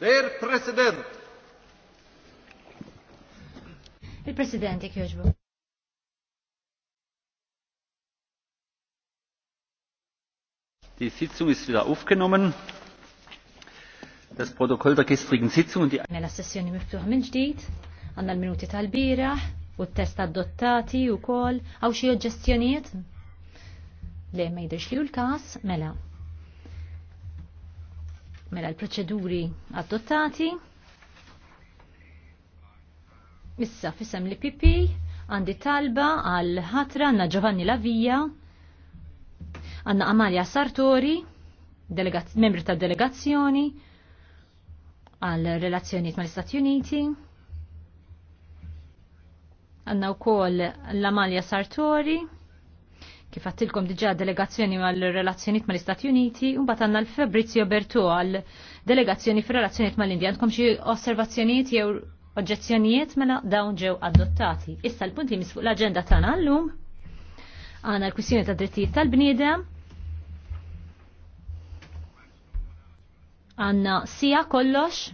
Der President. Il-President jek joġbu. Die Sitzung ist wieder aufgenommen. Das Protokoll der gestrigen Sitzung und die Nella sessjoni miftuħ minn ġdid, għandna l-minuti tal-biraħ u t-test adottati u kol għaw xie oġġestjonijiet. Le ma jidrix li u l-kas, mela mela l-proċeduri adottati. Issa fissem li pipi għandi talba għal ħatra għanna Giovanni Lavija, għanna Amalia Sartori, membri ta' delegazzjoni għal relazzjoniet mal istati Uniti. Għanna u koll l-Amalia Sartori, Kif għattilkom diġa delegazzjoni għal-relazzjoniet mal-Istati Uniti, un għanna l-Fabrizio Bertu għal-delegazzjoni fil-relazzjoniet mal-Indija. Għandkom xie osservazzjoniet jew oġġezzjonijiet mela dawn ġew adottati. Issa l-punti misfuq l-agenda tagħna llum għana l-kwissjoni ta' drittijiet tal-bniedem. Għanna sija kollox.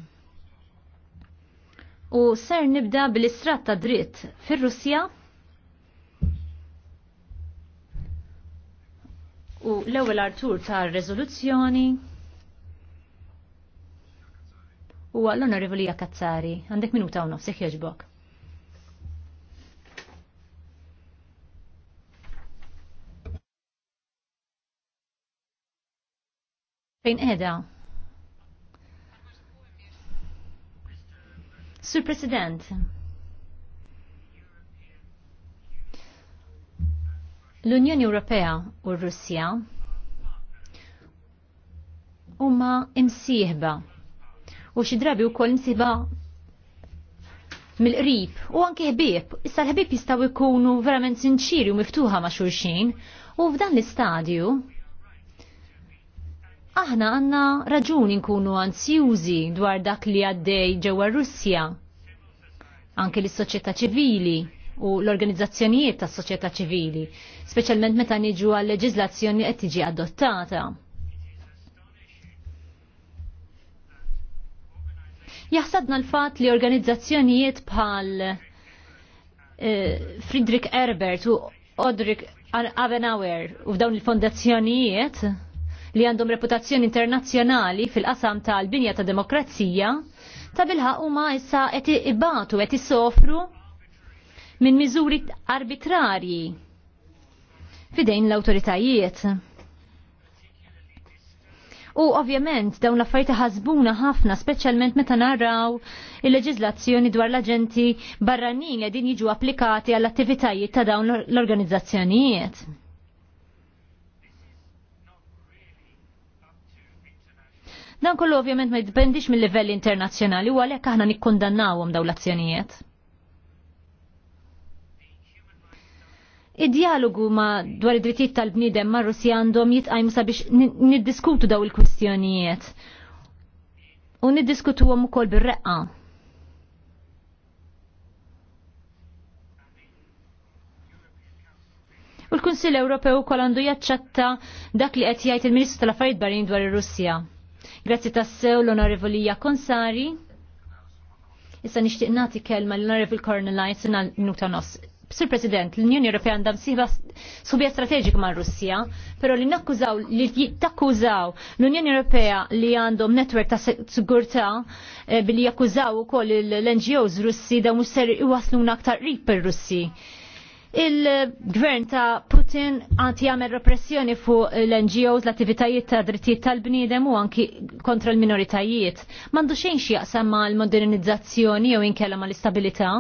U ser nibda bil-istrat ta' dritt fir-Russja u l-ewwel artur tar-reżoluzzjoni huwa l rivolija Kazzari. Għandek minuta u nofsek jogħġbok. Fejn qiegħda? Sur President, L-Unjoni Ewropea u r-Russja huma imsieħba u xi drabi wkoll imsieħba mill-qrib u anke ħbieb. Issa l-ħbieb jistgħu jkunu verament sinċiri u miftuħa ma' xulxin u f'dan l-istadju aħna għanna raġuni nkunu ansjużi dwar dak li għaddej ġewwa Russja, anke l-soċjetà ċivili u l-organizzazzjonijiet tas soċjetà ċivili, speċjalment meta niġu għal leġiżlazzjoni qed tiġi adottata. Jaħsadna l-fat li organizzazzjonijiet bħal eh, Friedrich Herbert u Odrik Avenauer u f'dawn il-fondazzjonijiet li għandhom reputazzjoni internazzjonali fil-qasam tal-binja ta' demokrazija ta' bilħa huma issa qed ibbatu, qed jissofru minn miżuri arbitrarji fidejn l-autoritajiet. U ovvjament dawn l-affarijiet ħasbuna ħafna, speċjalment meta naraw il-leġiżlazzjoni dwar l-aġenti barranin li din jiġu applikati għall attivitajiet ta' dawn l-organizzazzjonijiet. Dan kollu ovvjament ma jidbendix mill-livell internazzjonali u għalhekk aħna nikkondannawhom dawn l-azzjonijiet. Id-dialogu ma dwar id-drittijiet tal-bniedem ma' Russja għandhom jitqajmu sabiex niddiskutu daw il-kwistjonijiet. U niddiskutuhom ukoll bir-reqqa. U l-Kunsill Ewropew ukoll għandu jaċċetta dak li qed jgħid il-Ministru tal-Affarijiet Barin dwar ir-Russja. Grazzi tassew l-Onorevoli Konsari. Issa nixtieq nagħti kelma l-Onorevoli Cornelajn sena nuta nos. Sir President, l-Unjoni Ewropea għandha msiba subja strateġika ma' Russija, però li nakkużaw li takkużaw l-Unjoni Ewropea li għandhom netwerk ta' sigurtà eh, billi jakkużaw ukoll l-NGOs Russi da mhux ser iwasluna aktar qrib per-Russi. Il-gvern ta' Putin għanti jagħmel repressjoni fuq l-NGOs, l-attivitajiet ta' drittijiet tal-bniedem u anki kontra l-minoritajiet. M'għandu xejn xi jaqsam ma' l-modernizzazzjoni jew inkella ma' l-istabilità?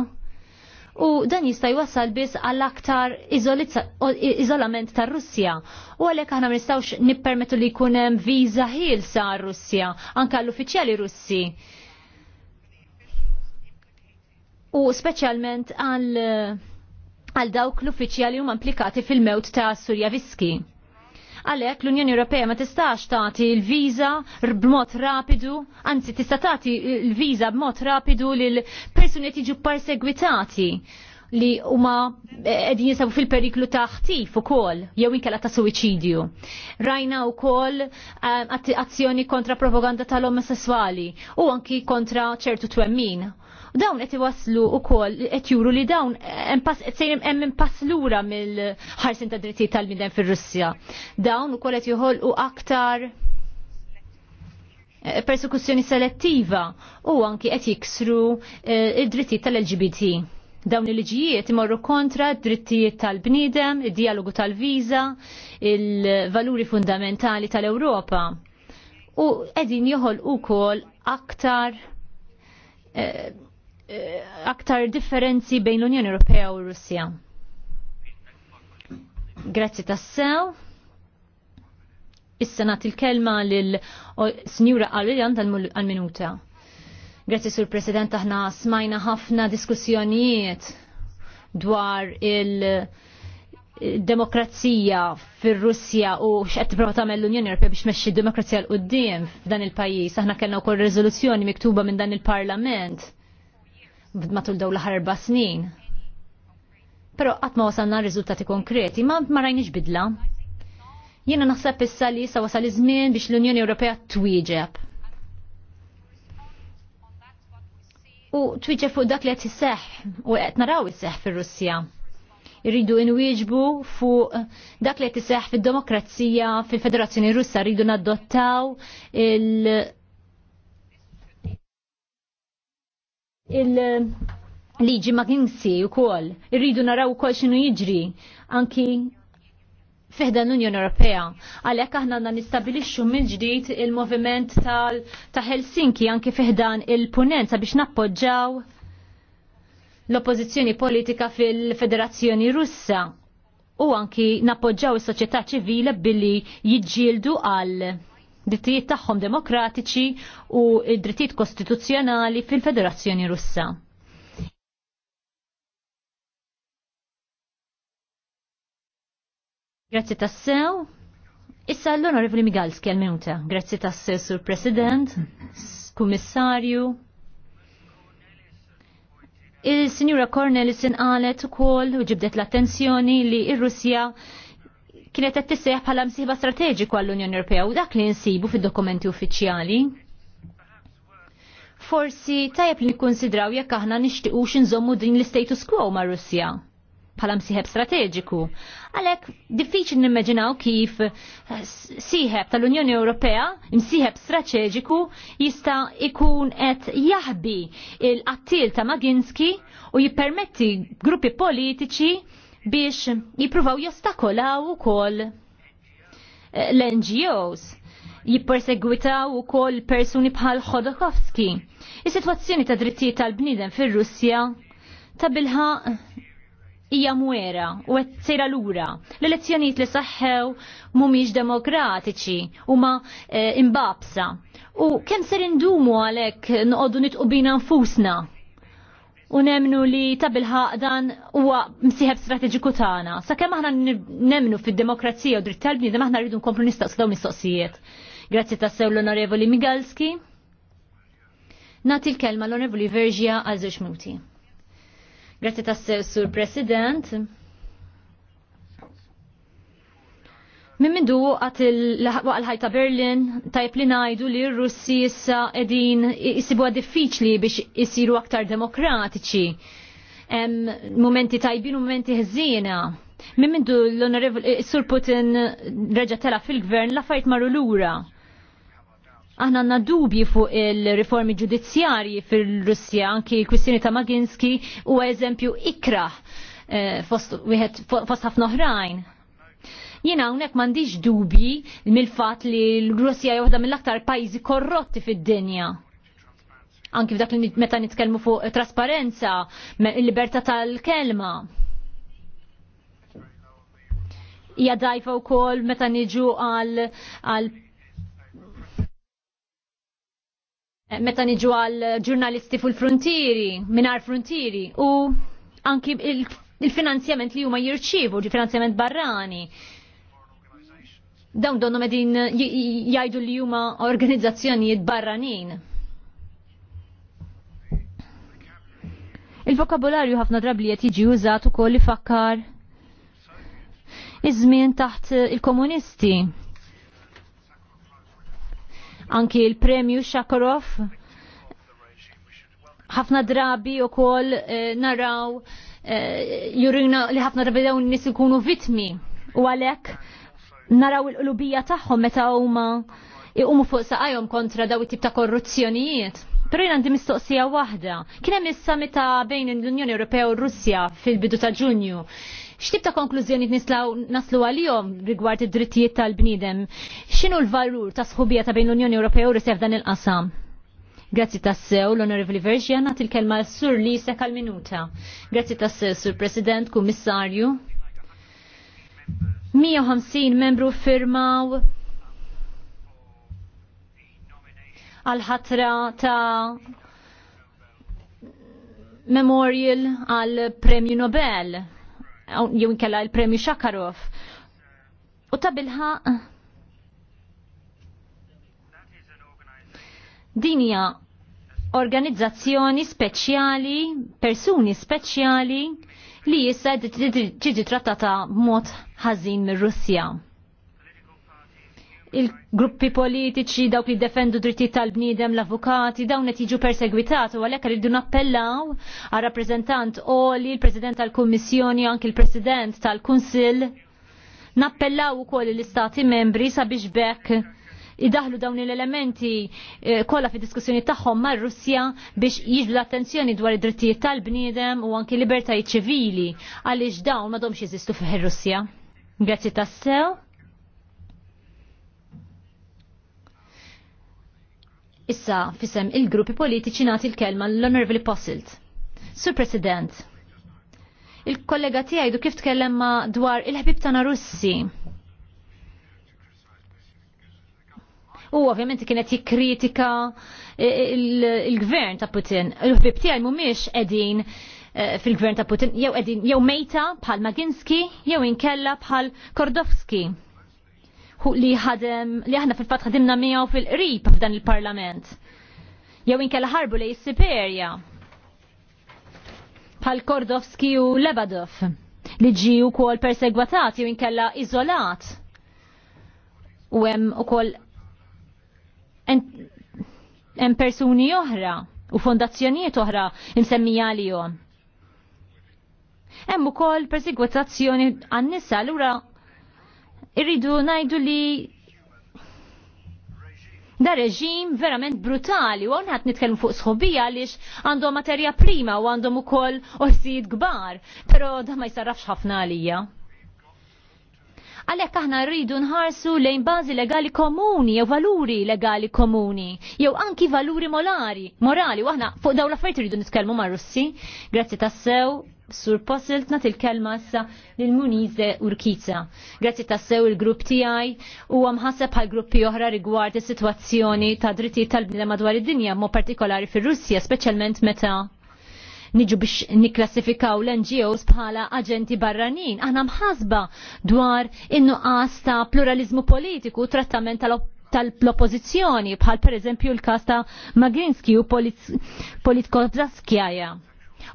u dan jista' jwassal biss għal aktar iżolament tar Russja. U għalhekk aħna ma nistgħux nippermettu li jkun hemm viża ħielsa għar Russja anke għall-uffiċjali Russi. U speċjalment għal għal dawk l-uffiċjali huma implikati fil-mewt ta' Surjaviski. Għalhekk l-Unjoni Ewropea ma tistax tagħti l-viża b'mod rapidu, anzi tista' tagħti l-viża b'mod rapidu lil persuni qed jiġu persegwitati li huma eh, qegħdin jinsabu fil-periklu ta' ħtif ukoll jew inkella ta' suwiċidju. Rajna wkoll eh, azzjoni kontra propaganda tal-omosessuali u anki kontra ċertu twemmin dawn qed iwaslu wkoll qed juru li dawn sejjem hemm impass lura mill-ħarsin ta' drittijiet tal bidem fir-Russja. Dawn ukoll qed joħolqu aktar eh, persekuzzjoni selettiva u anki qed jiksru eh, id-drittijiet tal-LGBT. Dawn il-liġijiet imorru kontra d-drittijiet tal-bniedem, id-dialogu tal viza il-valuri fundamentali tal-Ewropa. U qegħdin joħolqu wkoll aktar eh, Eh, aktar differenzi bejn l-Unjoni Ewropea u r-Russija. Grazzi tassew. Issa nagħti il-kelma lil Sinjura Aliljan tal-minuta. Grazzi sur President aħna smajna ħafna diskussjonijiet dwar il- demokrazija fir-Russja u x'qed tipprova tagħmel l-Unjoni Ewropea biex mexxi d-demokrazija l qudiem f'dan il-pajjiż. Aħna kellna wkoll riżoluzzjoni miktuba minn dan il-Parlament matul daw l-ħar erba' snin. Pero qatt ma wasalna riżultati konkreti, ma ma rajniex bidla. Jiena naħseb issa li sa wasal iż-żmien biex l-Unjoni Ewropea twieġeb. U twieġeb fuq dak li qed iseħħ u qed naraw iseħħ fir-Russja. Irridu inwieġbu fuq dak li qed iseħħ fid-demokrazija fil-Federazzjoni Russa rridu nadottaw il- il-liġi ma kinsi u kol. Irridu naraw kol xinu jiġri anki fiħda l-Unjoni Ewropea. Għalhekk aħna għanna nistabilixxu mill-ġdid il-moviment ta' Helsinki anki fiħdan il punenza biex nappoġġaw l-oppożizzjoni politika fil-Federazzjoni Russa u anki nappoġġaw is-soċjetà ċivile billi jiġġieldu għal drittijiet tagħhom demokratiċi u drittijiet kostituzzjonali fil-Federazzjoni Russa. Grazzi tassew. Issa l-Onorevoli Migalski għal-minuta. Grazzi tassew, Sur President, Kummissarju, Il-Sinjura Cornelis inqalet ukoll u ġibdet l-attenzjoni li ir-Russja kienet qed tissejjaħ bħala msiba strateġiku għall-Unjoni Ewropea u dak li nsibu fid-dokumenti uffiċjali forsi tajab li nikkonsidraw jekk aħna nixtiequx nżommu din l-status quo ma' Russja bħala msieħeb strateġiku. Għalhekk diffiċli nimmaġinaw kif sieħeb tal-Unjoni Ewropea, msieħeb strateġiku, jista' ikun qed jaħbi l qattil ta' Maginski u jippermetti gruppi politiċi biex jipruvaw jostakolaw ukoll eh, l-NGOs jippersegwitaw ukoll persuni bħal Khodorkovski. Is-sitwazzjoni ta' drittijiet tal-bniedem fir-Russja ta' bilha hija mwera u qed tsira lura. L-elezzjonijiet li saħħew mhumiex demokratiċi huma eh, imbabsa. U kemm ser indumu għalhekk noqogħdu nitqu bina nfusna u nemnu li ta' bilħaq dan huwa msiħeb strateġiku tagħna. Sakemm aħna nemnu fid-demokrazija u dritt tal-bniedem aħna rridu nkomplu nistaqsu dawn mistoqsijiet. Grazzi ta' sew l-Onorevoli Migalski. Nati l-kelma l-Onorevoli Verġia għal żewġ Grazzi ta' sew, Sur President. Min mindu għat l-ħaj ta' Berlin, tajb li najdu li r-Russi issa edin jisibu diffiċli biex jisiru aktar demokratiċi. Momenti tajbin u momenti ħżina. Min mindu l-onorevoli eh, Sur Putin reġatela fil-gvern la fajt marru l-ura. Aħna għanna dubji fuq il-riformi ġudizzjarji fil-Russja, anki kwistjoni ta' Maginski u eżempju ikraħ eh, fost ħafna oħrajn jina hawnhekk m'għandix dubji mill-fatt li l russija hija mill-aktar pajzi korrotti fid-dinja anki f'dak li meta nitkellmu fuq trasparenza, il-libertà tal-kelma. Hija dajfa wkoll meta niġu għal għal meta niġu għal ġurnalisti fuq il-frontieri, minar frontieri u anki il-finanzjament li huma jirċievu, ġi finanzjament barrani dawn donnu medin jajdu li juma organizzazzjonijiet barranin. Il-vokabolarju ħafna drabli qed jiġi użat ukoll ifakkar iż-żmien taħt il-komunisti. Anki il-premju Shakarov ħafna drabi ukoll eh, naraw eh, jurina li ħafna drabi dawn nies ikunu vitmi u għalhekk naraw il-qlubija tagħhom meta huma iqumu fuq saqajhom kontra daw it-tip ta' korruzzjonijiet. però jien għandi mistoqsija waħda. Kien hemm is meta bejn l-Unjoni Ewropea u Russja fil-bidu ta' Ġunju. X'tip ta' konklużjoni nislaw naslu għalihom rigward id-drittijiet tal-bniedem? X'inhu l-valur ta' sħubija ta' bejn l-Unjoni Ewropea u Russja f'dan il-qasam? Grazzi tassew, l-Onorevoli Verġja, nat il-kelma sur li sekal minuta. Grazzi tassew, sur President, Kummissarju. 150 membru firmaw għal-ħatra ta' memorial għal-premju Nobel, jew inkella l-premju Shakarov. U ta' bilħa dinja organizzazzjoni speċjali, persuni speċjali li jissa ġiġi trattata mod ħażin mir russja il-gruppi politiċi, dawk li defendu drittijiet tal-bniedem, l-avukati, dawn qed jiġu persegwitati u għalhekk rridu nappellaw għal rappreżentant oli, il-President tal-Kummissjoni, anki il-President tal-Kunsill, nappellaw ukoll l-Istati membri sabiex bekk idaħlu dawn l-elementi eh, kollha fi diskussjoni tagħhom mar-Russja biex jiġu l-attenzjoni dwar id-drittijiet tal-bniedem u anki libertajiet ċivili għaliex dawn domx jeżistu fih ir-Russja. Grazzi tassew. Issa fisem il-gruppi politiċi nagħti l-kelma l-Honorable Posselt. Sur President, il-kollega tiegħi kif tkellem dwar il-ħbib tagħna Russi u ovvjament kienet jikkritika eh, eh, il-gvern ta' Putin. Il-ħbib tiegħi mhumiex qegħdin eh, fil-gvern ta' Putin jew qegħdin jew mejta bħal Maginski jew inkella bħal Kordowski li ħadem li aħna fil-fatt ħadimna miegħu fil-qrib f'dan il-Parlament. Jew inkella ħarbu lej Siberja bħal Kordowski u Lebadov li ġi u kol persegwatat jew inkella izolat. U hemm ukoll hemm persuni oħra u fondazzjonijiet oħra imsemmija għalihom. Hemm ukoll persegwitazzjoni għan-nisa allura irridu ngħidu li da reġim verament brutali u għonħat nitkellmu fuq sħobija għaliex għandhom materja prima u għandhom ukoll orsijiet kbar, però da ma jisarrafx ħafna għalija. Għalhekk aħna rridu nħarsu lejn bażi legali komuni jew valuri legali komuni jew anki valuri molari, morali u aħna fuq dawn l-affarijiet rridu nitkellmu mar-Russi. Grazzi tassew. Sur Posselt nat il-kelma sa lil Munize Urkiza. Grazzi tassew il-grupp tiegħi u għamħasab għal gruppi oħra rigward is-sitwazzjoni ta' dritti tal-bnida madwar id-dinja, mo partikolari fir russija speċjalment meta niġu biex niklassifikaw l-NGOs bħala aġenti barranin. Aħna mħasba dwar in-nuqqas ta' pluralizmu politiku, trattament tal tal-oppozizjoni, bħal per eżempju l-kas ta' Magrinski u Politko Zaskjaja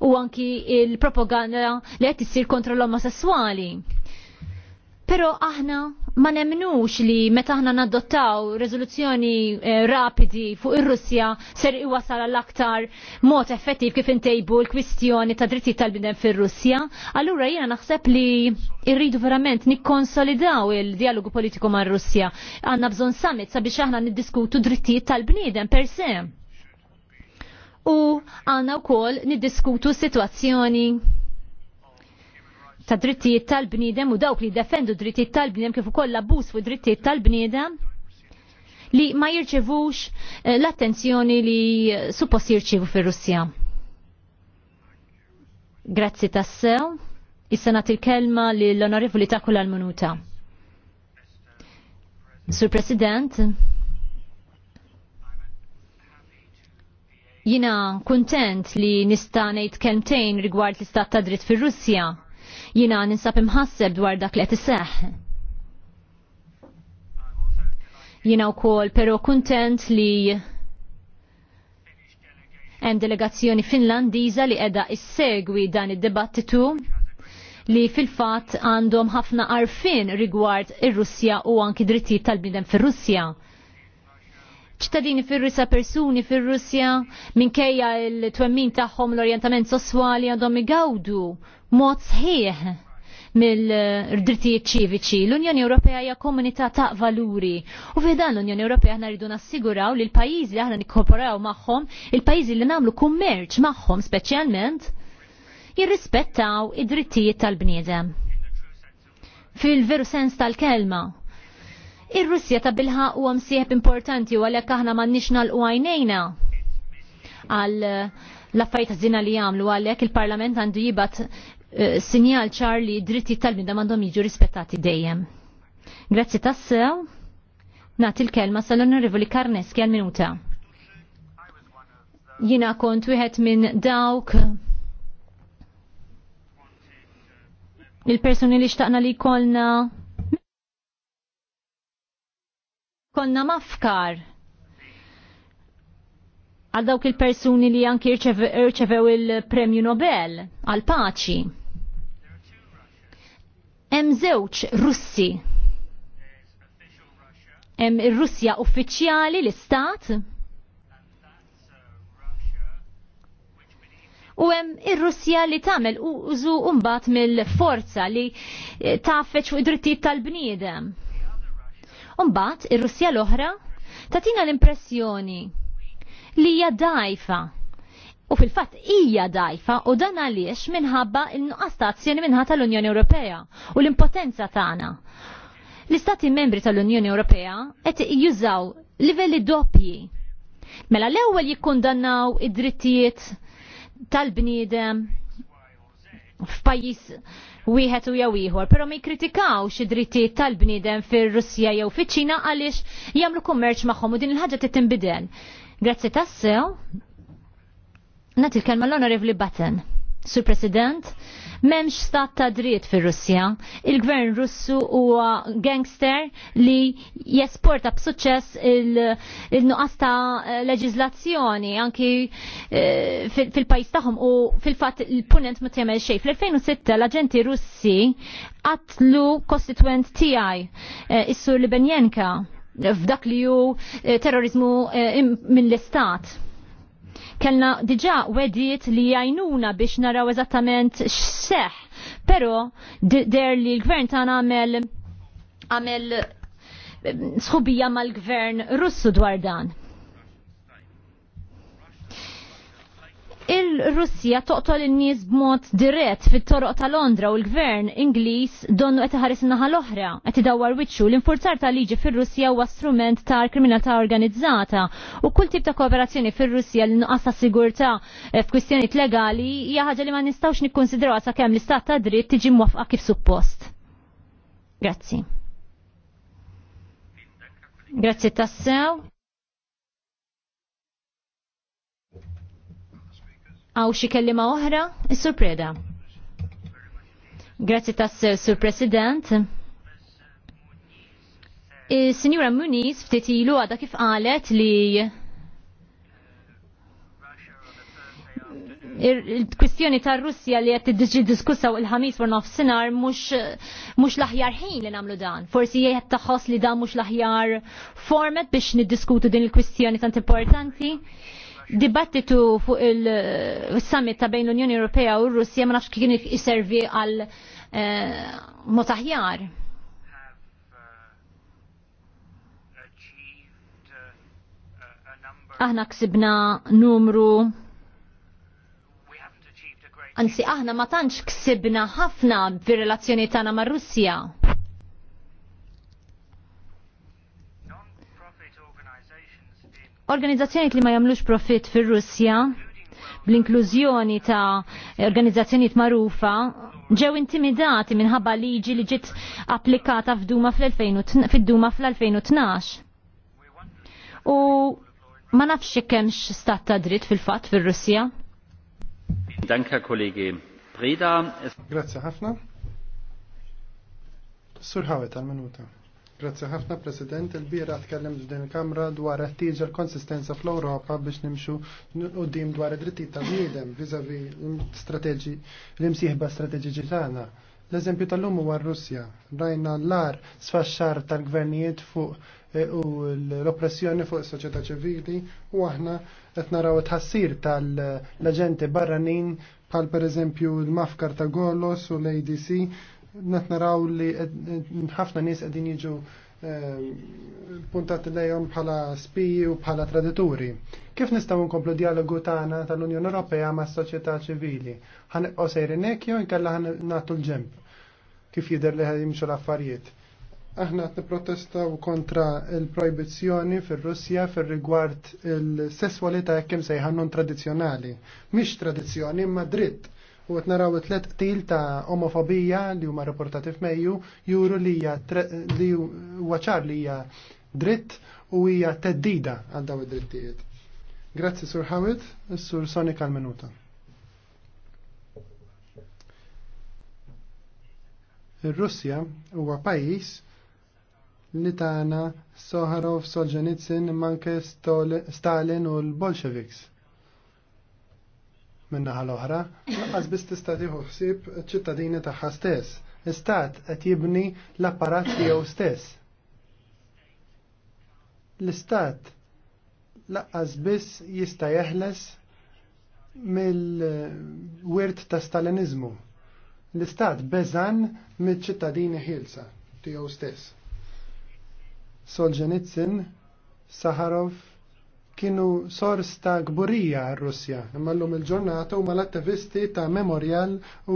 u anki il-propaganda li għet jissir kontra l-omosessuali Pero aħna ma nemnux li meta aħna nadottaw rezoluzzjoni eh, rapidi fuq ir-Russja ser iwasal l-aktar mod effettiv kif intejbu l-kwistjoni ta' drittijiet tal-bidem fir-Russja, allura jiena naħseb li irridu verament nikkonsolidaw il-dialogu politiku mar russja Għandna bżonn summit sabiex aħna niddiskutu drittijiet tal-bniedem per se. U u wkoll niddiskutu situazzjoni ta' drittijiet tal-bniedem u dawk li defendu drittijiet tal-bniedem kif ukoll abbuż fuq drittijiet tal-bniedem li ma jirċevux eh, l-attenzjoni li suppost jirċevu fir-Russja. Grazzi tassew. Issa nagħti il-kelma lill-Onorevoli ta' l-Minuta. Sur President, jina kontent li nista' ngħid kelmtejn rigward l-istat ta' dritt fir-Russja Jina ninsab imħasseb dwar dak li tiseħ. Jina u kol, pero kontent li hemm delegazzjoni finlandiża li qiegħda issegwi dan id-dibattitu li fil-fatt għandhom ħafna arfin rigward ir-Russja u anki drittijiet tal bidem fir-Russja ċittadini fir-Russja persuni fir-Russja minkejja l-twemmin tagħhom l-orjentament sesswali għadhom igawdu mod sħiħ mill-drittijiet ċiviċi. L-Unjoni Ewropea hija komunità ta' valuri. U f'dan l-Unjoni Ewropea aħna rridu nassiguraw li l-pajjiżi li aħna nikkorporaw magħhom, il-pajjiżi li nagħmlu kummerċ magħhom speċjalment, jirrispettaw id-drittijiet tal-bniedem. Fil-veru sens tal-kelma, Ir-Russja ta' bilħa u għamsieħ importanti u għalek aħna ma' nixnal u għajnejna għal laffajt affarijiet li jagħmlu għalhekk il-Parlament għandu jibat eh, sinjal ċar li dritti tal-binda għandhom jiġu rispettati dejjem. Grazzi tassew. nat il kelma sal-Onorevoli Karneski għal minuta. Jina kont wieħed minn dawk il-personi li xtaqna li kolna konna mafkar għal dawk il-persuni li anki irċevew il-Premju Nobel għal paċi. Hemm żewġ Russi. Hemm ir-Russja uffiċjali l-Istat. U hemm ir-Russja li tagħmel użu mbagħad mill-forza li tafeċ fuq id-drittijiet tal-bniedem Umbat, ir-Russja l-oħra tatina l-impressjoni li hija dajfa. U fil-fatt hija dajfa u dan għaliex minħabba l-nuqqas ta' azzjoni minħata l-Unjoni Ewropea u l-impotenza tagħna. L-Istati membri tal-Unjoni Ewropea qed jużaw livelli doppji. Mela l-ewwel jikkundannaw id-drittijiet tal-bniedem f'pajjiż wieħed u jew ieħor, però ma jikkritikawx id-drittijiet tal-bniedem fir-Russja jew fiċ-Ċina għaliex jagħmlu kummerċ magħhom u din il-ħaġa trid tinbidel. Grazzi tassew. Nagħti l-kelma l-Onorevli Batten. Sur President, memx stat ta' dritt fir russja Il-gvern russu huwa gangster li jesporta b'suċċess il-nuqqas ta' leġizlazzjoni anki eh, fil-pajis tagħhom u fil-fatt il-punent ma tjemel xejn. Fl-2006 l-aġenti Russi qatlu kostituent tiegħi eh, is-sur Libenjenka f'dak li hu eh, terrorizmu minn l-istat kellna diġa wediet li jajnuna biex naraw eżattament x-seħ, pero der li l-gvern tagħna għamel għamel eh, sħubija mal-gvern Russu dwar dan. il-Russija toqtol in-nies b'mod dirett fit-toroq ta' Londra u l-gvern Ingliż donnu qed iħares naħa l-oħra qed idawwar wiċċu l-infurzar ta' liġi fir russija huwa strument ta' kriminalità organizzata u kull tip ta' kooperazzjoni fir russija li nuqqas ta' sigurtà f'kwistjonijiet legali hija ħaġa li ma nistgħux nikkonsidraw sakemm l-istat ta' dritt tiġi mwafqa kif suppost. Grazzi. Grazzi tassew. Għaw xi kellima oħra? Is-Sur Preda. Grazzi tas Sur President. Is-Sinjura Muniz ftit ilu għadha kif qalet li il-kwistjoni ta' Russja li qed tiġi diskussa il-ħamis u nofsinhar mhux mhux l-aħjar ħin li nagħmlu dan. Forsi jgħed taħoss li dan mhux l-aħjar format biex niddiskutu din il-kwistjoni tant importanti dibattitu fuq il-summit eh, ta' bejn l-Unjoni Ewropea u r-Russja ma nafx kien iservi għal eh, motaħjar. Aħna ksibna numru Anzi, aħna ma tantx ksibna ħafna fir-relazzjoni tagħna mar-Russja. Organizzazzjonijiet li ma jagħmlux profit fir-Russja bl-inklużjoni ta' organizzazzjonijiet magħrufa ġew intimidati minħabba liġi li ġiet applikata f'Duma fid-Duma fl-2012. U ma nafx kemx stat ta' dritt fil-fatt fir-Russja. Danke kollegi Prida. Grazzi ħafna. Sur ħawet għal-minuta. Grazzi ħafna President, il-bira tkellem din kamra dwar ħtieġa l-konsistenza fl-Ewropa biex nimxu qudiem dwar id-drittijiet ta' bniedem viżavi strateġi l-imsieħba strateġiġi tagħna. L-eżempju tal-lum huwa r-Russja. Rajna l-ar sfaxxar tal-gvernijiet fuq eh, u l-oppressjoni fuq is-soċjetà ċivili u aħna qed naraw it tħassir tal-aġenti barranin bħal pereżempju l-mafkar ta' Golos u l-ADC net naraw li ħafna nies qegħdin jiġu eh, puntat lejhom bħala spiji u bħala tradituri. Kif nistgħu nkomplu dialogu tagħna tal-Unjoni Ewropea mas soċjetà ċivili? Ħanqgħu sejrin hekk jew inkella ħan nagħtu l-ġemp kif jidher li jimxu l-affarijiet. Aħna qed nipprotestaw kontra l-projbizzjoni fir-Russja fir-rigward il-sesswalità kemm sejħa non tradizzjonali. Mhix tradizzjoni imma dritt u għet naraw tliet til ta' omofobija li huma rapportati f'Mejju juru li hija li huwa ċar li hija dritt u hija teddida għal daw id-drittijiet. Grazzi Sur Hawit, Sur Sonic al minuta. Ir-Russja huwa pajjiż li tagħna Soharov, Solzhenitsyn, manke Stalin u l-Bolsheviks minna l-oħra, għaz biss tista' tieħu ħsieb ċittadini taħħa stess. Istat qed jibni l-apparat tiegħu stess. L-istat laqqas biss jista' jeħles mill-wirt ta' Stalinizmu. L-istat beżan mill-ċittadini ħilsa tiegħu stess. Solzhenitsyn, Saharov, kienu sors ta' gburija r-Russja, imma il-ġurnata u mal-attivisti ta' Memorial u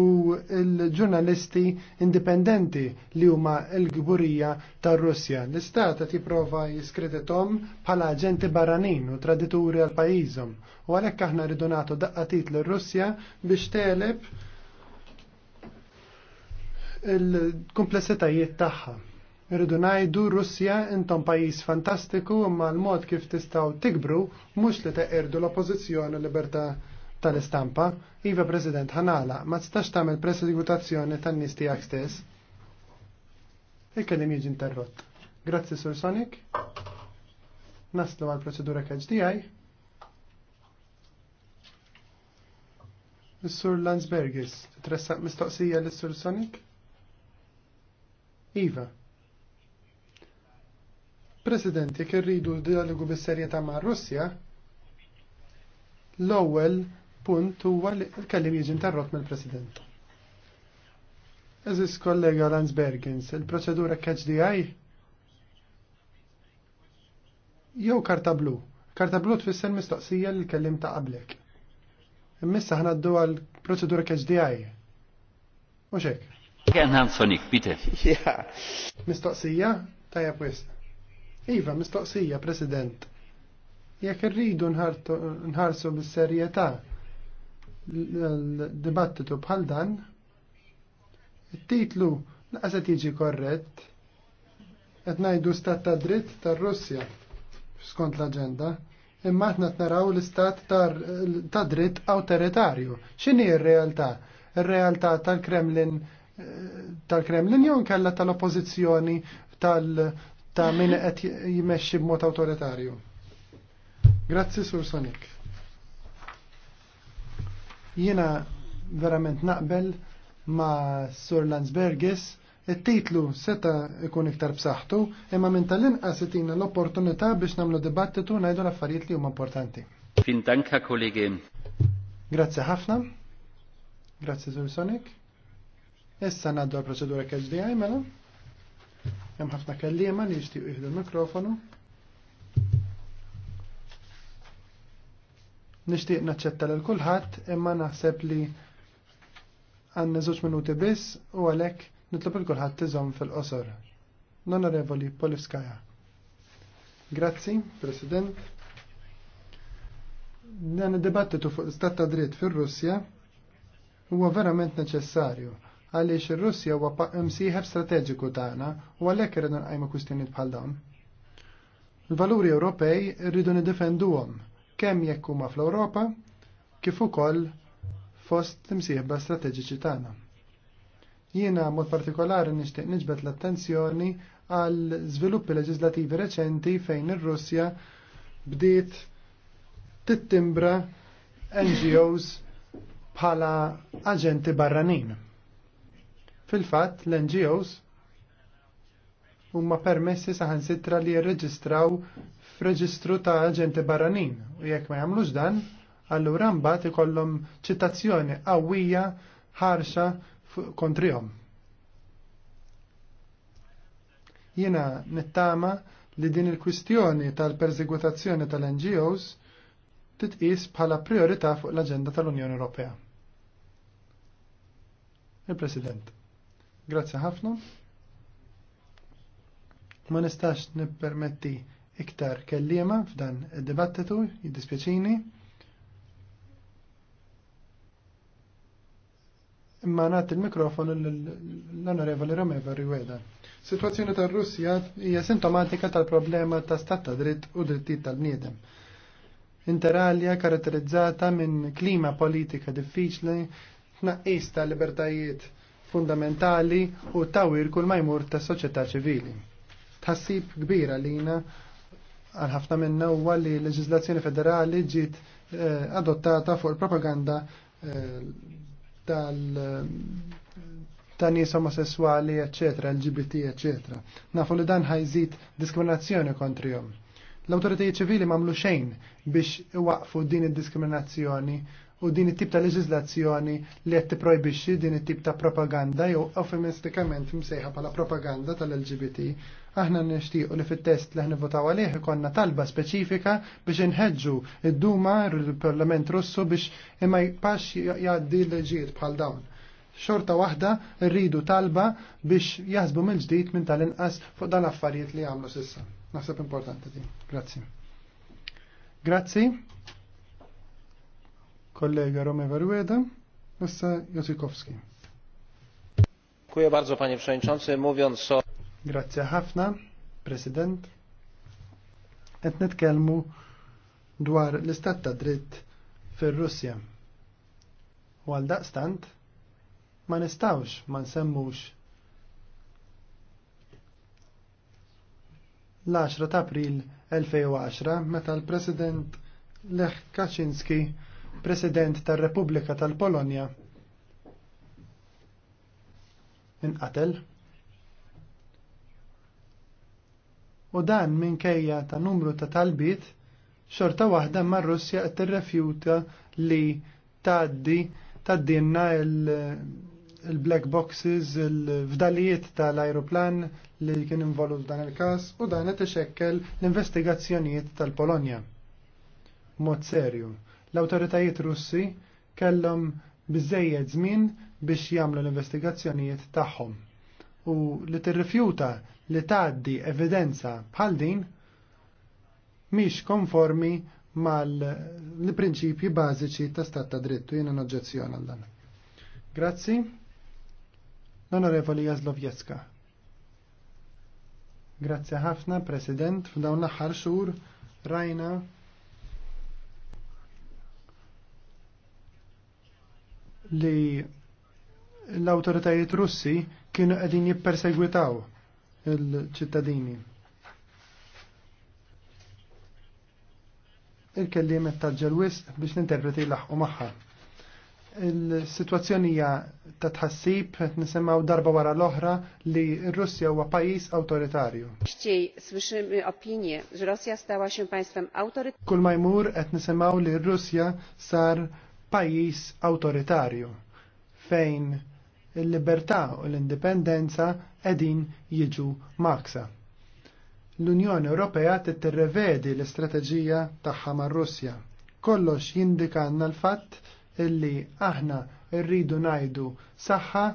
l-ġurnalisti indipendenti li huma l-gburija ta' Russja. L-istat ti jipprova jiskreditom bħala aġenti barranin u tradituri għal pajjiżhom. U għalhekk aħna rridu nagħtu daqqatit l russja biex teleb il-komplessitajiet tagħha. Irridu ngħidu Russja intom pajjiż fantastiku imma l-mod kif tistgħu tikbru mhux li teqirdu l-oppożizzjoni libertà tal-istampa. Iva President ħanala, ma tistax tagħmel persegwitazzjoni tan-nies tiegħek stess. Il-kelim jiġi interrott. Grazzi Sur Sonic. Naslu għal procedura KHDI. Sur Landsbergis, tressaq mistoqsija l-Sur Sonic? Iva. President, rridu irridu dialogu bis-serjetà ma' Russja, l-ewwel punt huwa l-kellim jiġi interrott mill-President. Eżis kollega Landsbergins, il-proċedura KHDI jew karta blu. Karta blu tfisser mistoqsija li kellim ta' qablek. Immissa ħana ddu għal proċedura KHDI. Mux hekk. Kien ħan sonik, bite. Mistoqsija tajja wisq. Iva, mistoqsija, President. Jekk irridu nħarsu bis-serjetà l-dibattitu bħal dan, it-titlu laqsa tiġi korrett et ngħidu stat ta' dritt tar-Russja skont l-aġenda, imma aħna naraw l-istat ta' dritt awtoritarju. X'inhi r-realtà? Ir-realtà tal-Kremlin eh, tal-Kremlin jew kella tal-oppożizzjoni tal ta' min qed jimexxi b'mod awtoritarju. Grazzi Sur Sonic. Jiena verament naqbel ma' Sur Landsbergis it-titlu seta ikun iktar b'saħħtu, imma minn tal-inqas itina l-opportunità biex nagħmlu dibattitu ngħidu l-affarijiet li huma importanti. Fin danka kollegi. Grazzi ħafna. Grazzi Sur Sonic. Issa ngħaddu għall proċedura KHDI mela. Hemm ħafna kelliema li jixtiequ jieħdu l-mikrofonu. Nixtieq naċċetta lil kulħadd imma naħseb li għanna żewġ minuti biss u għalhekk nitlob il kulħadd tiżomm fil-qosor. L-Onorevoli Poliskaja. Grazzi, President. Dan id-dibattitu fuq l-istat ta' dritt fir-Russja huwa verament neċessarju għaliex ir-Russja huwa msieħeb strateġiku tagħna u għalhekk irridu nqajmu kwistjonijiet bħal dawn. Il-valuri Ewropej rridu nidefenduhom kemm jekk huma fl-Ewropa kif ukoll fost imsieħba strateġiċi tagħna. Jiena mod partikolari nixtieq niġbed l-attenzjoni għal żviluppi leġislativi reċenti fejn ir-Russja bdiet tittimbra NGOs bħala aġenti barranin. Fil-fatt, l-NGOs huma permessi saħansitra li jirreġistraw f'reġistru ta' aġenti barranin u jekk ma jagħmlux dan, allura mbagħad ikollhom ċitazzjoni qawwija ħarxa kontrihom. Jiena nittama li din il-kwistjoni tal-perżegutazzjoni tal-NGOs titqis bħala priorità fuq l-aġenda tal-Unjoni Ewropea. Il-President. Grazzi ħafna. Ma nistax nippermetti iktar kellima f'dan id-dibattitu, jiddispjaċini. Imma nat il-mikrofonu l-Onorevoli Romeva Riweda. Situazzjoni tar-Russja hija sintomatika tal-problema ta' stat ta' dritt u drittijiet tal-bniedem interalja karatterizzata minn klima politika diffiċli, tnaqqis ta' libertajiet fundamentali u tawir kull ma jmur ta' soċjetà ċivili. Tħassib kbira lina għal ħafna minna huwa li l-leġiżlazzjoni federali ġiet eh, adottata fuq il-propaganda eh, tal ta' nies omosessuali, eccetera, LGBT, eccetera. Nafu li dan ħajżid diskriminazzjoni kontrihom. L-autoritajiet ċivili mamlu xejn biex iwaqfu din id-diskriminazzjoni u din it-tip ta' leġiżlazzjoni li qed tipprojbixxi din it-tip ta' propaganda jew eufemistikament msejħa bħala propaganda tal-LGBT. Aħna nixtiequ li fit-test li aħna votaw għalih ikonna talba speċifika biex inħeġġu id-Duma il-Parlament Russu biex imma jpax jgħaddi l-ġir bħal dawn xorta waħda rridu talba biex jaħsbu mill ġdid minn tal-inqas fuq dan affarijiet li għamlu sissa. Naħseb importanti din. Grazzi. Grazzi kollega Romeva Rueda, issa Josikowski. Dziękuję bardzo panie przewodniczący, mówiąc o... Grazie Hafna, prezydent. Etnet Kelmu, dwar l-istat dritt fir-Russja. U għal daqstant ma nistawx ma nsemmux l-10 ta' april 2010 meta l-President Lech Kaczynski President tar-Repubblika tal-Polonja inqatel. U dan minkejja ta' numru ta' talbiet xorta waħda mar Russja qed tirrefjuta li tgħaddi tgħaddinna il-black boxes, il-fdalijiet tal-ajruplan li kien involut dan il-każ u dan qed ixekkel l-investigazzjonijiet tal-Polonja. Mod serju. L-awtoritajiet Russi kellhom biżejjed żmien biex jagħmlu l-investigazzjonijiet tagħhom. U li tirrifjuta li tgħaddi evidenza bħal din mhix konformi mal-prinċipji bażiċi ta' stat ta' drittu jiena noġġezzjoni għal dan. Grazzi. L-Onorevoli Jeska. Grazzi ħafna, President, f'dawn l-aħħar xhur rajna li l-autoritajiet russi kienu għedin jippersegwitaw il-ċittadini. il kellim ta' ġelwis biex ninterpreti l laħqu maħħa. Il-sitwazzjonija ta' tħassib qed darba wara l-oħra li r-Russja huwa pajjiż awtoritarju. Xtiej słyszymy opinje, że russja stawa xim pajstem autorytarnym. Kull majmur jmur qed nisimgħu li r-Russja sar pajjiż awtoritarju fejn il-libertà u l-indipendenza qegħdin jiġu maksa. L-Unjoni Ewropea titterrevedi l-istrateġija tagħha mar-Russja. Kollox jindikanna l-fatt illi aħna rridu ngħidu saħħa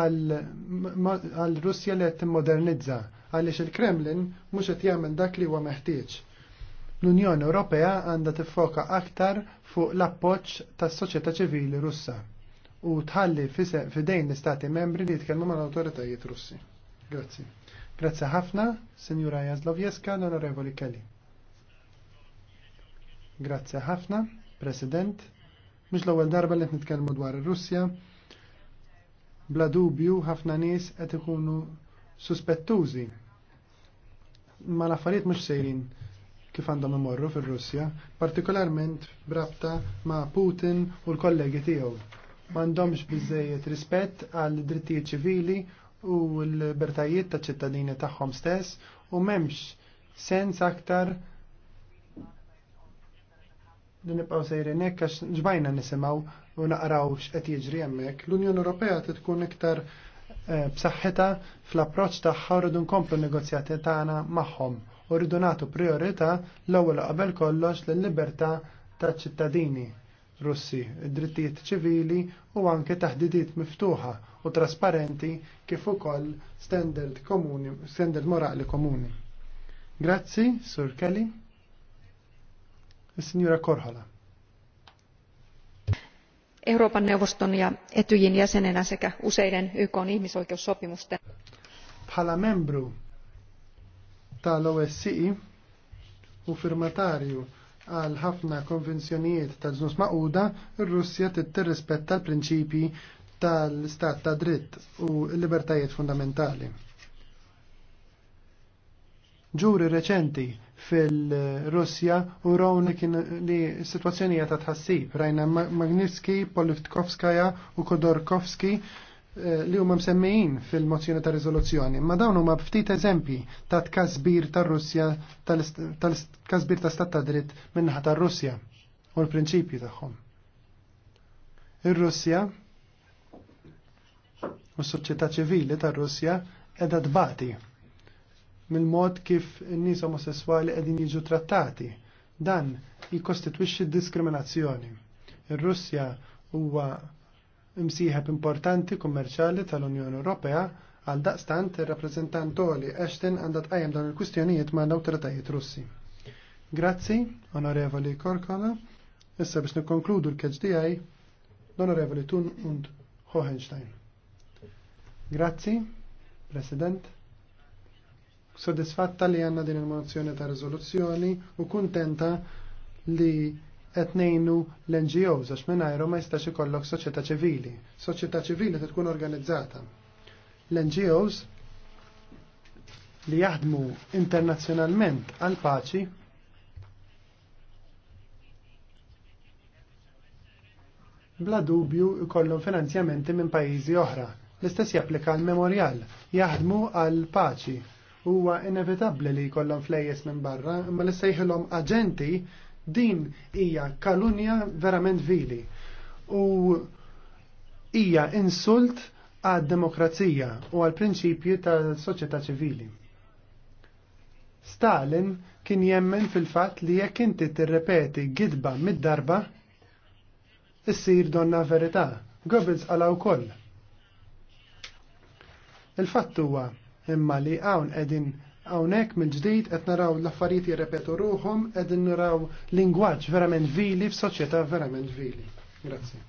għal Russja li qed timmodernizza għaliex il-Kremlin mhux qed jagħmel dak li huwa meħtieġ L-Unjoni Ewropea għandha tiffoka aktar fuq l-appoġġ tas-soċjetà ċivili Russa u tħalli fidejn l-istati membri li jitkellmu mal-awtoritajiet Russi. Grazzi. Grazzi ħafna, Sinjura Jazlovjeska, l-Onorevoli Kelly. Grazzi ħafna, President. Mux l-ewwel darba li qed nitkellmu dwar ir-Russja. Bla dubju ħafna nies qed ikunu suspettużi. Ma l-affarijiet mhux sejrin kif għandhom imorru fir-Russja, partikolarment brabta ma' Putin u l-kollegi tiegħu. M'għandhomx biżejjed rispett għal drittijiet ċivili u l-libertajiet ta' ċittadini tagħhom stess u m'hemmx sens aktar li nibqgħu sejrin hekk għax ġbajna nisimgħu u naqraw x'qed jiġri hemmhekk. L-Unjoni Ewropea tkun iktar eh, b'saħħitha fl-approċċ tagħha rridu nkomplu negozjati tagħna magħhom u ridunatu nagħtu priorità l-ewwel qabel kollox lill-libertà taċ-ċittadini Russi, id-drittijiet ċivili u anke taħdidiet miftuħa u trasparenti kif ukoll standard komuni, standard morali komuni. Grazzi, Sur Kelly. Is-Sinjura Korhola. Euroopan neuvoston ja Etyjin jäsenenä sekä useiden YK ihmisoikeussopimusten. Bħala membru tal-OSCE u firmatarju għal ħafna konvenzjonijiet tal-ġnus maquda, ir-Russja tirrispetta l-prinċipji tal-istat ta' dritt u l-libertajiet fundamentali. Ġuri reċenti fil-Russja u kien li situazzjonija ta' tħassib rajna Magnitsky, Politkovskaja u Kodorkovski Eh, li huma msemmejin fil-mozzjoni ta' riżoluzzjoni, ma dawn huma ftit eżempji ta' tkasbir ta' Russja, tal-tkasbir ta' stat ta' dritt minnaħa ta' Russja u l-prinċipji tagħhom. Ir-Russja u s-soċjetà ċivili ta' Russja qiegħda tbati mill-mod kif n-nies omosessuali qegħdin jiġu trattati. Dan jikkostitwixxi diskriminazzjoni. Ir-Russja huwa imsieħeb importanti kummerċali tal-Unjoni Ewropea għal daqstant ir-rappreżentant Oli Ashton għandha tqajjem dawn il-kwistjonijiet ma' l-awtoritajiet Russi. Grazzi, Onorevoli Korkola. Issa biex nikkonkludu l-KHDI, l-Onorevoli Tun und Hohenstein. Grazzi, President. Soddisfatta li għanna din il-mozzjoni ta' rezoluzzjoni u kontenta li qed ngħinu l-NGOs għax mingħajru ma jistax ikollok soċjetà ċivili. Soċjetà ċivili tkun organizzata. L-NGOs li jaħdmu internazzjonalment għal paċi bla dubju jkollhom finanzjamenti minn pajjiżi oħra. L-istess japplika għal memorial, jaħdmu għal paċi. Huwa inevitabbli li jkollhom flejjes minn barra, imma l-istess aġenti Din hija kalunja verament vili u hija insult għad demokrazija u għal prinċipji ta' soċjetà ċivili. Stalin kien jemmen fil-fatt li jekk inti tirrepeti gidba mid-darba, issir donna verità. Goebbels għala wkoll. Il-fatt huwa imma li hawn qegħdin Hawnhekk mill-ġdid qed naraw l-affarijiet jirrepetu ruhom qegħdin naraw lingwaġġ verament vili f'soċjetà verament vili. Grazzi.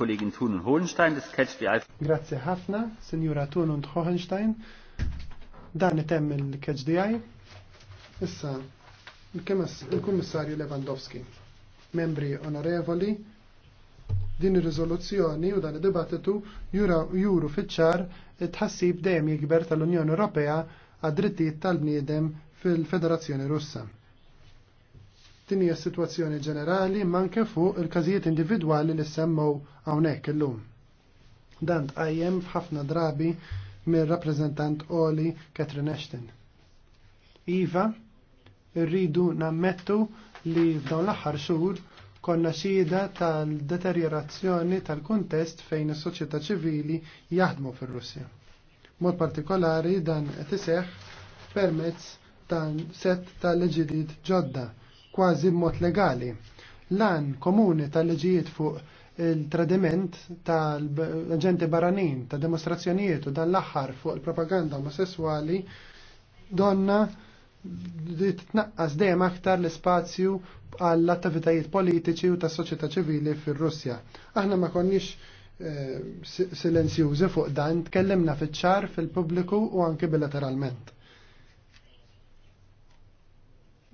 Kollegin Thun und Hohenstein, das catch the eye. Grazzi ħafna, Sinjura Thun und Hohenstein. Dan itemm il-catch the eye. Issa, il-Kummissarju Lewandowski, membri onorevoli, din ir-riżoluzzjoni u dan id-dibattitu juru fiċ-ċar tħassib dejjem jikber tal-Unjoni Ewropea għad-drittijiet tal-bniedem fil-Federazzjoni Russa. Tini s-situazzjoni ġenerali manke fuq il-każijiet individwali li għawnek hawnhekk illum. Dan tqajjem f'ħafna drabi mir rappreżentant Oli Catherine Ashton. Iva, rridu nammettu li f'dawn l-aħħar xhur konna xhieda tal deterjerazzjoni tal-kuntest fejn is-soċjetà ċivili jaħdmu fir-Russja. Mod partikolari dan qed iseħħ permezz ta' set ta' leġijiet ġodda, kważi b'mod legali. Lan komuni ta' leġijiet fuq il-tradiment tal-ġenti baranin, ta' demostrazzjonijiet u dan l-aħħar fuq il-propaganda omosessuali donna titnaqqas dejjem aktar l-ispazju għall attivitajiet politiċi u tas soċjetà ċivili fir-Russja. Aħna ma konniex Eh, silenzjużi fuq dan, tkellimna fiċ-ċar fil-pubbliku u anke bilateralment.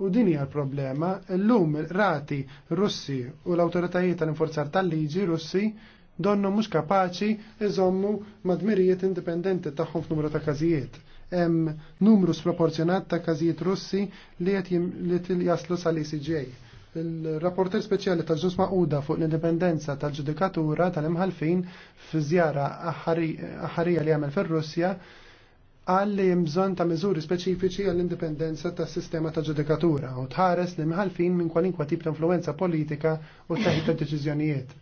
U din hija l-problema, llum rati Russi u l-awtoritajiet tal-infurzar tal-liġi Russi donnu mhux kapaċi iżommu madmirijiet indipendenti tagħhom f'numru ta' każijiet. Hemm numru sproporzjonat ta' każijiet Russi li qed jaslu sal-ECJ Il-rapporter speċjali tal-ġus maquda fuq l-indipendenza tal-ġudikatura tal-imħalfin fi żjara aħħarija li għamel fil russja għal li jimżon ta' miżuri speċifiċi għall-indipendenza tas sistema ta' ġudikatura u tħares li mħalfin minn kwalinkwa tip ta' influenza politika u teħid ta' deċiżjonijiet.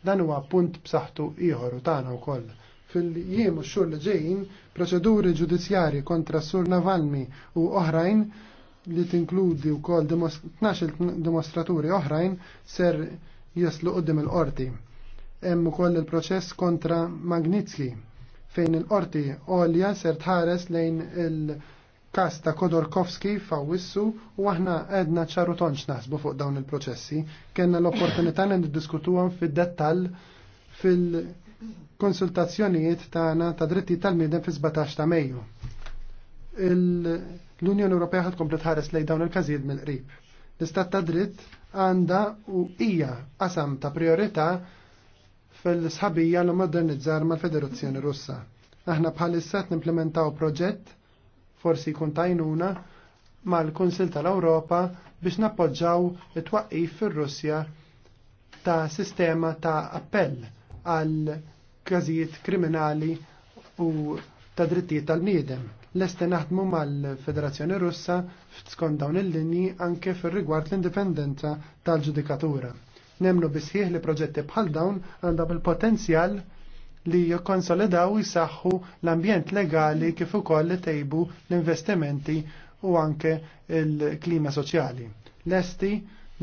Dan huwa punt b'saħħtu ieħor u tagħna wkoll. Fil-jiem u x-xhur li ġejjin, proċeduri ġudizzjarji kontra Sur Navalmi u oħrajn li tinkludi wkoll 12 dimostraturi oħrajn ser jaslu qoddim il-qorti. Hemm ukoll il-proċess kontra Magnitsky fejn il-qorti għolja ser tħares lejn il-kas ta' Kodorkovski fawissu u aħna għedna ċaru tonċ naħsbu fuq dawn il-proċessi. Kenna l-opportunità li niddiskutuhom fid-dettall fil-konsultazzjonijiet tagħna ta' dritti tal-miedem fi 17 ta' Mejju L-Unjoni Ewropea ħad komplet ħares lej dawn il-każijiet mill-qrib. L-istat ta' dritt għandha u hija qasam ta' priorità fil-sħabija l modernizzar mal-Federazzjoni Russa. Aħna bħalissa nimplementaw proġett forsi jkun tajnuna mal-Kunsil tal-Ewropa biex nappoġġaw it-twaqqif fir-Russja ta' sistema ta' appell għal każijiet kriminali u ta' drittijiet tal niedem lesti naħdmu mal-Federazzjoni Russa skont dawn il-linji anke fir-rigward l-indipendenza tal-ġudikatura. Nemnu bisħieħ li proġetti bħal dawn għandhom il-potenzjal li jikkonsolidaw jisaxħu l-ambjent legali kif ukoll li tejbu l-investimenti u anke il-klima soċjali. Lesti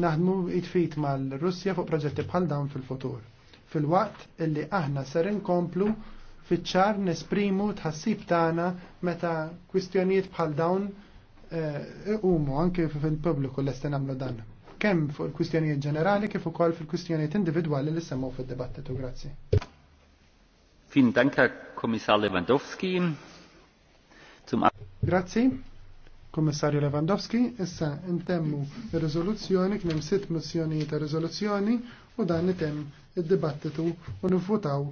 naħdmu it-fit mal-Russja fuq proġetti bħal dawn fil-futur. Fil-waqt illi aħna ser inkomplu Fiċċar nesprimu tħassib tagħna meta kwistjonijiet bħal dawn eh, umu anke fil-pubbliku lest nagħmlu dan. Kemm fuq il-kwistjonijiet ġenerali kif ukoll fil-kwistjonijiet individwali li semmu fid-dibattitu. Grazzi. Fin danka Kommissar Lewandowski. Grazzi. Kommissarju Lewandowski, issa intemmu il-rizoluzzjoni knem sitt mozzjoni ta' rizoluzzjoni u dan item id-dibattitu u nifutaw